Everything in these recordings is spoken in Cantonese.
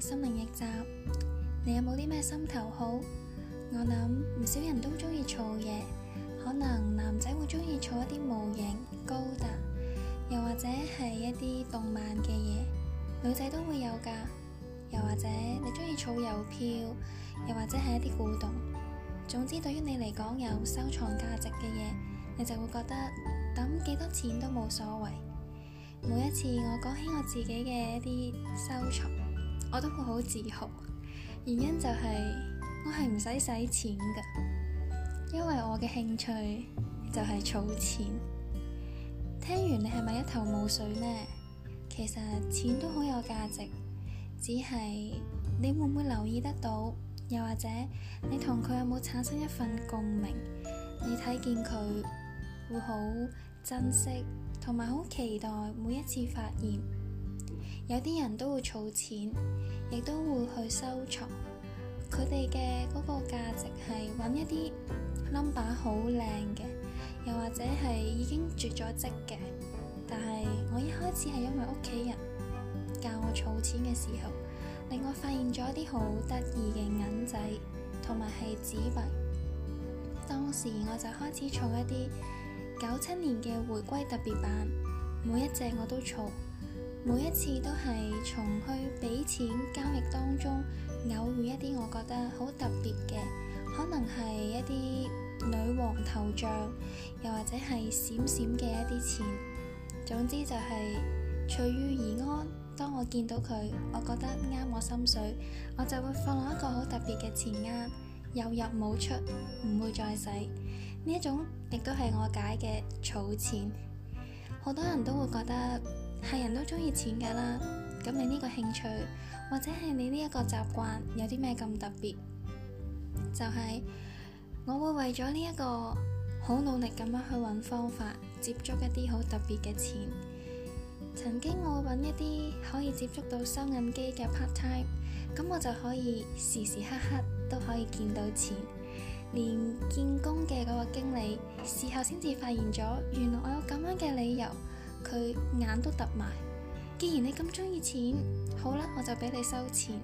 心靈驛站，你有冇啲咩心頭好？我諗唔少人都中意儲嘢，可能男仔會中意儲一啲模型、高達，又或者係一啲動漫嘅嘢，女仔都會有㗎。又或者你中意儲郵票，又或者係一啲古董。總之，對於你嚟講有收藏價值嘅嘢，你就會覺得抌幾多錢都冇所謂。每一次我講起我自己嘅一啲收藏。我都會好自豪，原因就係我係唔使使錢㗎，因為我嘅興趣就係儲錢。聽完你係咪一頭霧水呢？其實錢都好有價值，只係你會唔會留意得到，又或者你同佢有冇產生一份共鳴？你睇見佢會好珍惜，同埋好期待每一次發現。有啲人都會儲錢，亦都會去收藏。佢哋嘅嗰個價值係揾一啲 number 好靚嘅，又或者係已經絕咗跡嘅。但係我一開始係因為屋企人教我儲錢嘅時候，令我發現咗啲好得意嘅銀仔同埋係紙幣。當時我就開始儲一啲九七年嘅回歸特別版，每一隻我都儲。每一次都係從去俾錢交易當中偶遇一啲，我覺得好特別嘅，可能係一啲女王頭像，又或者係閃閃嘅一啲錢。總之就係、是、隨遇而安。當我見到佢，我覺得啱我心水，我就會放落一個好特別嘅錢鈪，有入冇出，唔會再使呢一種，亦都係我解嘅儲錢。好多人都會覺得。係人都中意錢噶啦，咁你呢個興趣或者係你呢一個習慣有啲咩咁特別？就係我會為咗呢一個好努力咁樣去揾方法接觸一啲好特別嘅錢。曾經我揾一啲可以接觸到收銀機嘅 part time，咁我就可以時時刻刻都可以見到錢。連見工嘅嗰個經理事後先至發現咗，原來我有咁樣嘅理由。佢眼都凸埋。既然你咁中意錢，好啦，我就俾你收錢。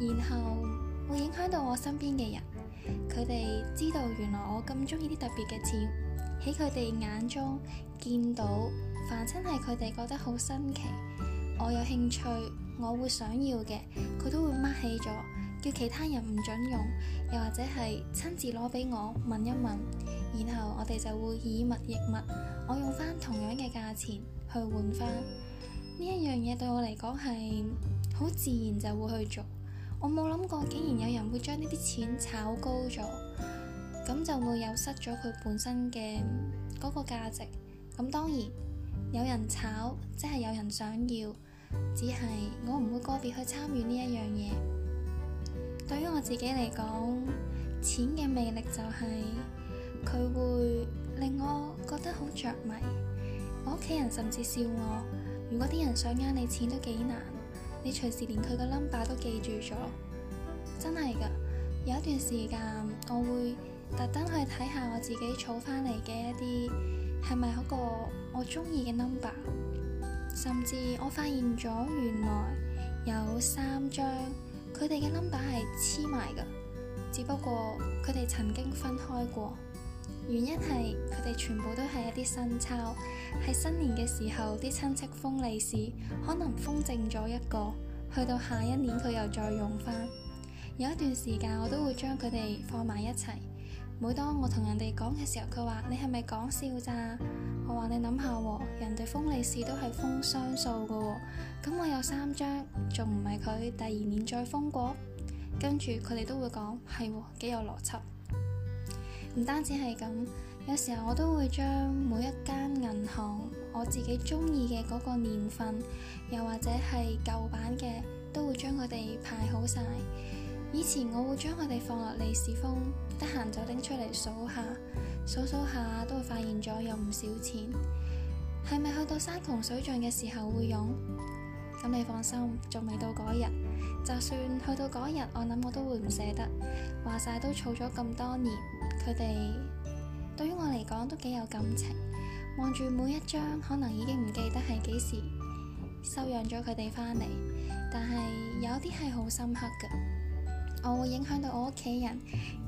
然後會影響到我身邊嘅人，佢哋知道原來我咁中意啲特別嘅錢，喺佢哋眼中見到，凡親係佢哋覺得好新奇，我有興趣，我會想要嘅，佢都會 mark 起咗，叫其他人唔准用，又或者係親自攞俾我問一問。然後我哋就會以物易物，我用翻同樣嘅價錢去換翻呢一樣嘢，對我嚟講係好自然就會去做。我冇諗過，竟然有人會將呢啲錢炒高咗，咁就會有失咗佢本身嘅嗰個價值。咁當然有人炒，即係有人想要，只係我唔會個別去參與呢一樣嘢。對於我自己嚟講，錢嘅魅力就係。佢會令我覺得好着迷。我屋企人甚至笑我，如果啲人想呃你錢都幾難。你隨時連佢個 number 都記住咗，真係㗎。有一段時間，我會特登去睇下我自己儲翻嚟嘅一啲係咪嗰個我中意嘅 number。甚至我發現咗，原來有三張佢哋嘅 number 係黐埋㗎，只不過佢哋曾經分開過。原因係佢哋全部都係一啲新鈔，喺新年嘅時候啲親戚封利是，可能封淨咗一個，去到下一年佢又再用翻。有一段時間我都會將佢哋放埋一齊。每當我同人哋講嘅時候，佢話你係咪講笑咋？我話你諗下，人哋封利是都係封雙數噶，咁我有三張，仲唔係佢第二年再封過？跟住佢哋都會講係喎，幾有邏輯。唔單止係咁，有時候我都會將每一間銀行我自己中意嘅嗰個年份，又或者係舊版嘅，都會將佢哋排好晒。以前我會將佢哋放落利是封，得閒就拎出嚟數下，數數下都會發現咗有唔少錢。係咪去到山窮水盡嘅時候會用？咁你放心，仲未到嗰日。就算去到嗰日，我諗我都會唔捨得。話晒都儲咗咁多年。佢哋對於我嚟講都幾有感情，望住每一張可能已經唔記得係幾時收養咗佢哋返嚟，但係有啲係好深刻噶。我會影響到我屋企人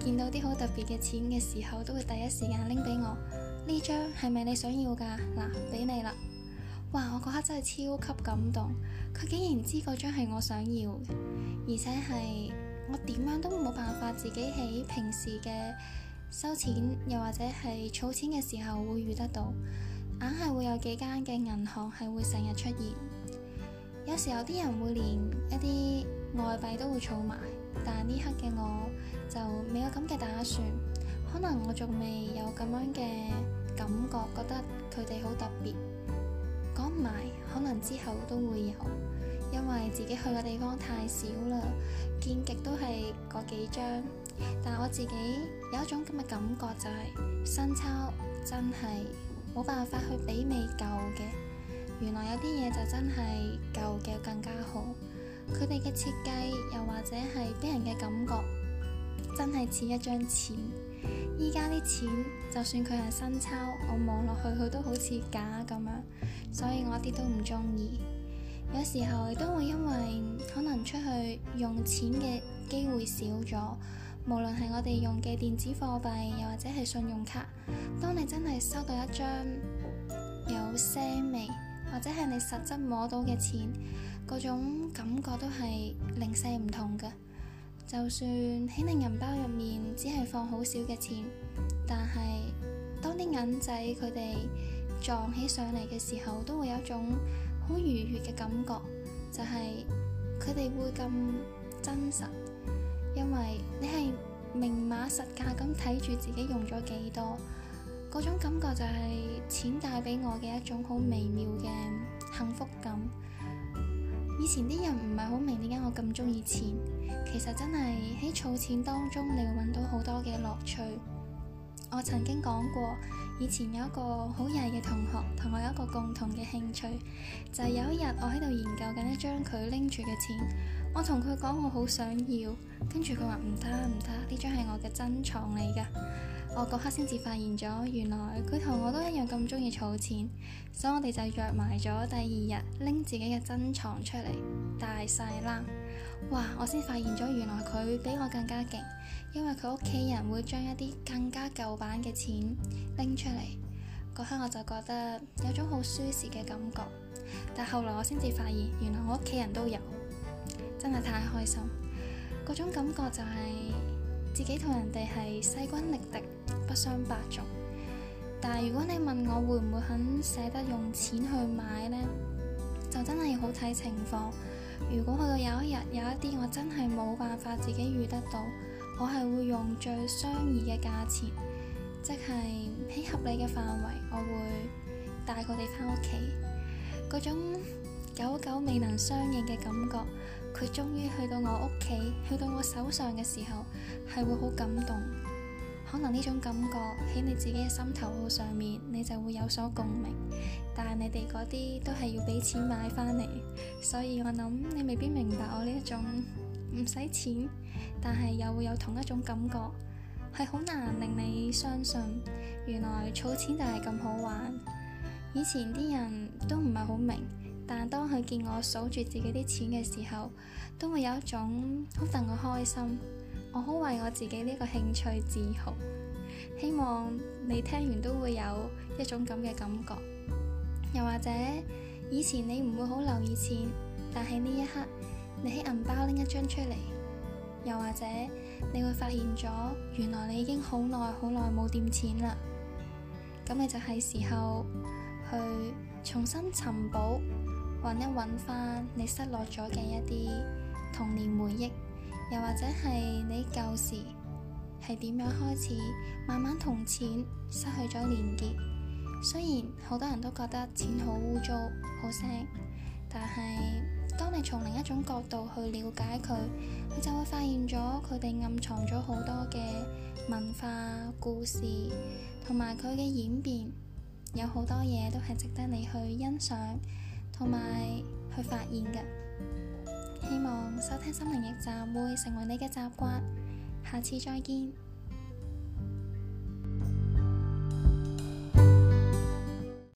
見到啲好特別嘅錢嘅時候，都會第一時間拎俾我。呢張係咪你想要噶？嗱，俾你啦。哇！我嗰刻真係超級感動，佢竟然知嗰張係我想要嘅，而且係我點樣都冇辦法自己喺平時嘅。收錢又或者係儲錢嘅時候，會遇得到。硬係會有幾間嘅銀行係會成日出現。有時候有啲人會連一啲外幣都會儲埋，但呢刻嘅我就未有咁嘅打算。可能我仲未有咁樣嘅感覺，覺得佢哋好特別。講唔埋，可能之後都會有，因為自己去嘅地方太少啦，見極都係嗰幾張。但我自己。有一種咁嘅感覺，就係，就係新鈔真係冇辦法去媲美舊嘅。原來有啲嘢就真係舊嘅更加好。佢哋嘅設計，又或者係俾人嘅感覺，真係似一張錢。依家啲錢就算佢係新鈔，我望落去佢都好似假咁樣，所以我一啲都唔中意。有時候亦都會因為可能出去用錢嘅機會少咗。無論係我哋用嘅電子貨幣，又或者係信用卡，當你真係收到一張有腥味，或者係你實質摸到嘅錢，嗰種感覺都係零舍唔同嘅。就算喺你銀包入面，只係放好少嘅錢，但係當啲銀仔佢哋撞起上嚟嘅時候，都會有一種好愉悅嘅感覺，就係佢哋會咁真實。因為你係明碼實價咁睇住自己用咗幾多，嗰種感覺就係錢帶俾我嘅一種好微妙嘅幸福感。以前啲人唔係好明點解我咁中意錢，其實真係喺儲錢當中，你會揾到好多嘅樂趣。我曾經講過，以前有一個好曳嘅同學，同我有一個共同嘅興趣，就係有一日我喺度研究緊一張佢拎住嘅錢。我同佢講，我好想要，跟住佢話唔得唔得，呢張係我嘅珍藏嚟㗎。我嗰刻先至發現咗，原來佢同我都一樣咁鍾意儲錢，所以我哋就約埋咗第二日拎自己嘅珍藏出嚟大曬啦。哇！我先發現咗，原來佢比我更加勁，因為佢屋企人會將一啲更加舊版嘅錢拎出嚟。嗰刻我就覺得有種好舒適嘅感覺，但後來我先至發現，原來我屋企人都有。真係太開心，嗰種感覺就係自己同人哋係勢均力敵，不相伯仲。但係如果你問我會唔會肯捨得用錢去買呢？就真係好睇情況。如果去到有一日有一啲我真係冇辦法自己預得到，我係會用最相宜嘅價錢，即係喺合理嘅範圍，我會帶佢哋返屋企嗰種久久未能相應嘅感覺。佢終於去到我屋企，去到我手上嘅時候，係會好感動。可能呢種感覺喺你自己嘅心頭好上面，你就會有所共鳴。但係你哋嗰啲都係要俾錢買翻嚟，所以我諗你未必明白我呢一種唔使錢，但係又會有同一種感覺，係好難令你相信，原來儲錢就係咁好玩。以前啲人都唔係好明。但當佢見我數住自己啲錢嘅時候，都會有一種好戥我開心。我好為我自己呢個興趣自豪。希望你聽完都會有一種咁嘅感覺。又或者以前你唔會好留意錢，但係呢一刻你喺銀包拎一張出嚟。又或者你會發現咗，原來你已經好耐好耐冇掂錢啦。咁你就係時候去重新尋寶。揾一揾翻你失落咗嘅一啲童年回憶，又或者係你舊時係點樣開始慢慢同錢失去咗連結。雖然好多人都覺得錢好污糟、好腥，但係當你從另一種角度去了解佢，你就會發現咗佢哋暗藏咗好多嘅文化故事，同埋佢嘅演變。有好多嘢都係值得你去欣賞。同埋去發現嘅，希望收聽心靈驛站會成為你嘅習慣，下次再見。